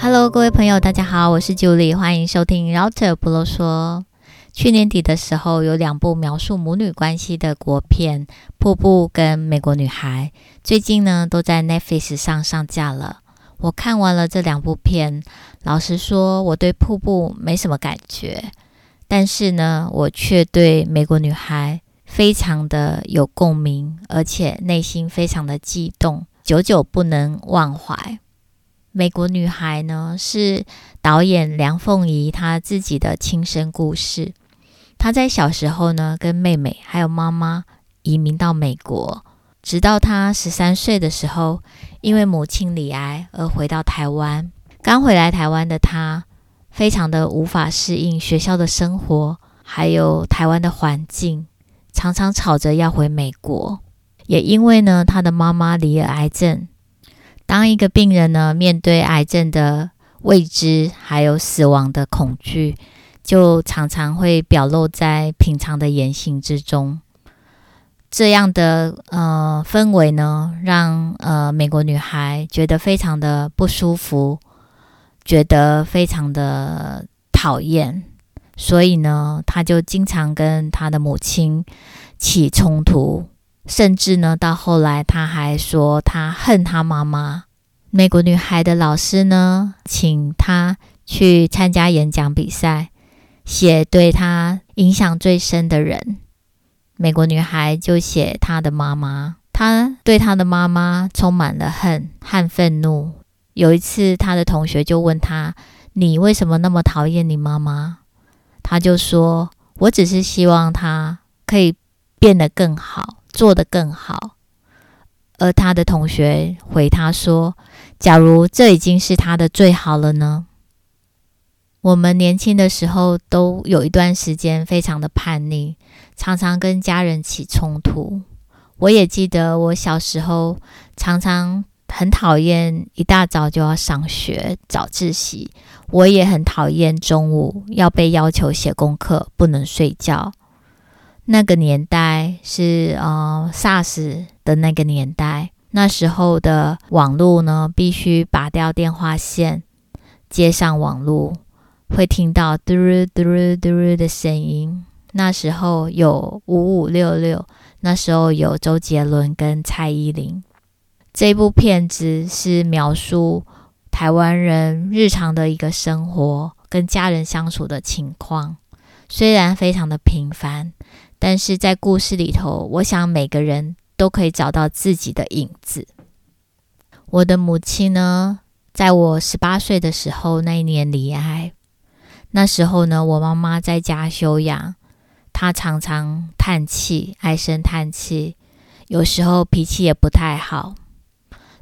哈嘍，各位朋友，大家好，我是 Julie，歡迎收聽《Router 不囉嗦》。去年底的時候，有兩部描述母女關係的國片《瀑布》跟《美國女孩》，最近呢都在 Netflix 上上架了。我看完了這兩部片，老實說，我對《瀑布》沒什麼感覺，但是呢，我卻對《美國女孩》非常的有共鳴，而且內心非常的激動，久久不能忘懷。美國女孩呢，是導演阮鳳儀她自己的親身故事。她在小時候呢，跟妹妹還有媽媽移民到美國，直到她十三歲的時候，因為母親罹癌而回到台灣。剛回來台灣的她，非常的無法適應學校的生活，還有台灣的環境，常常吵着要回美國。也因為呢，她的媽媽罹了癌症。當一個病人呢，面對癌症的未知，還有死亡的恐懼，就常常會表露在平常的言行之中。這樣的呃氛圍呢，讓呃美國女孩覺得非常的不舒服，覺得非常的討厭。所以呢，她就經常跟她的母親起衝突。甚至呢，到後來他還說他恨他媽媽。美國女孩的老師呢，請他去參加演講比賽，寫對他影響最深的人。美國女孩就寫她的媽媽，她對她的媽媽充滿了恨和憤怒。有一次，她的同學就問她：“你為什麼那麼討厭你媽媽？”他就說：“我只是希望她可以變得更好。”做得更好，而他的同學回他說：“假如這已經是他的最好了呢？”我們年輕的時候都有一段時間非常的叛逆，常常跟家人起衝突。我也記得我小時候常常很討厭一大早就要上學，早自習，我也很討厭中午要被要求寫功課，不能睡覺。那個年代。是呃 SARS 的那個年代，那時候的網絡呢，必須拔掉電話線接上網絡，會聽到嘟嚕嘟嚕嘟嚕的聲音。那時候有五五六六，那時候有周杰倫跟蔡依林。這部片子是描述台灣人日常的一個生活跟家人相處的情況，雖然非常的平凡。但是在故事裡頭，我想每個人都可以找到自己的影子。我的母親呢，在我十八歲的時候那一年離開，那時候呢，我媽媽在家休養，她常常嘆氣，唉聲嘆氣，有時候脾氣也不太好。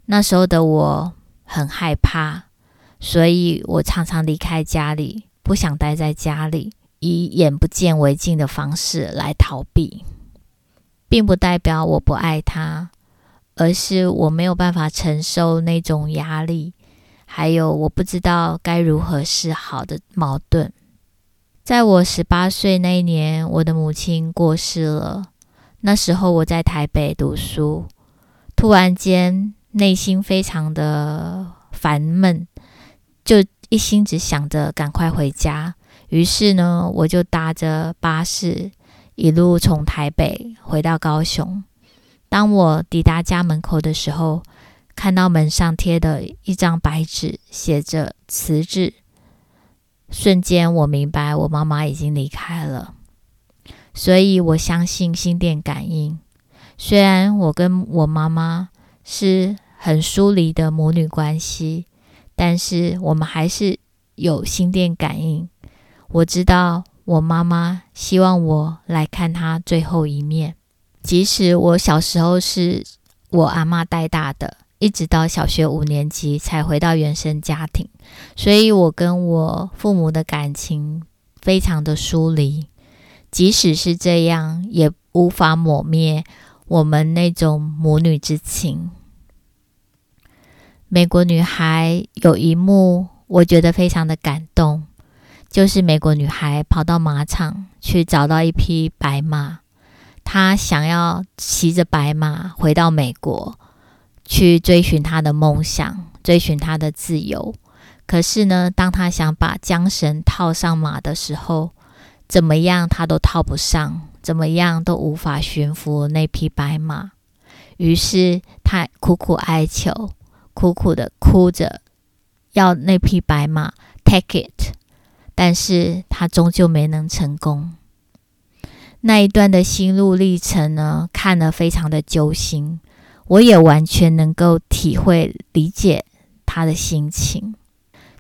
那時候的我很害怕，所以我常常離開家裡，不想待在家裡。以眼不見為淨的方式來逃避，並不代表我不愛他，而是我沒有辦法承受那種壓力，還有我不知道該如何是好的矛盾。在我十八歲那一年，我的母親過世了。那時候我在台北讀書，突然間內心非常的煩悶，就一心只想着趕快回家。於是呢，我就搭着巴士一路從台北回到高雄。當我抵達家門口的時候，看到門上貼的一張白紙，寫着“辭職”，瞬間我明白我媽媽已經離開了。所以我相信心電感應。雖然我跟我媽媽是很疏離的母女關係，但是我們還是有心電感應。我知道我媽媽希望我來看她最後一面，即使我小時候是我阿嬤帶大的，一直到小學五年級才回到原生家庭，所以我跟我父母的感情非常的疏離。即使是這樣，也無法抹滅我們那種母女之情。美國女孩有一幕，我覺得非常的感動。就是美國女孩跑到馬場去找到一匹白馬，她想要騎着白馬回到美國去追尋她的夢想，追尋她的自由。可是呢，當她想把韁繩套上馬的時候，怎麼樣她都套不上，怎麼樣都無法馴服那匹白馬。於是她苦苦哀求，苦苦的哭着，要那匹白馬 take it。但是他終究沒能成功。那一段的心路歷程呢，看了非常的揪心，我也完全能夠體會理解他的心情。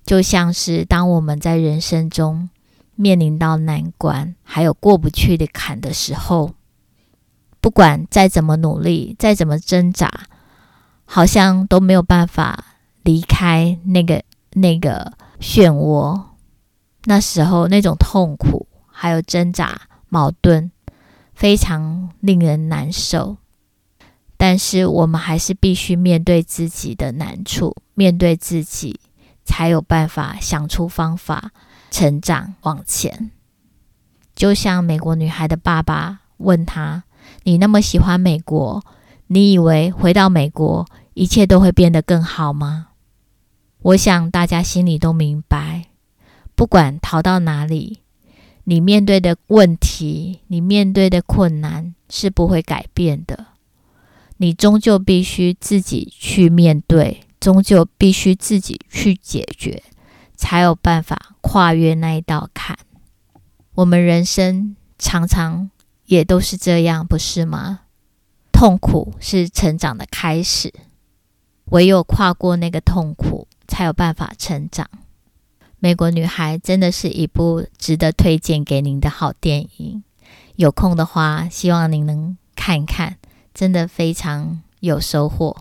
就像是當我們在人生中面臨到難關，還有過不去的坎的時候，不管再怎麼努力，再怎麼掙扎，好像都沒有辦法離開那個那個漩渦。那時候那種痛苦還有掙扎矛盾，非常令人難受。但是我們還是必須面對自己的難處，面對自己，才有辦法想出方法成長往前。就像美國女孩的爸爸問她：“你那麼喜歡美國，你以為回到美國一切都會變得更好嗎？”我想大家心裡都明白。不管逃到哪裡，你面對的問題，你面對的困難是不會改變的。你終究必須自己去面對，終究必須自己去解決，才有辦法跨越那一道坎。我們人生常常也都是這樣，不是嗎？痛苦是成長的開始，唯有跨過那個痛苦，才有辦法成長。美國女孩真的是一部值得推薦給您的好電影，有空的話，希望您能看一看，真的非常有收穫。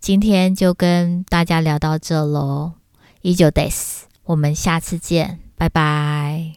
今天就跟大家聊到這嘍，以上です，我們下次見，拜拜。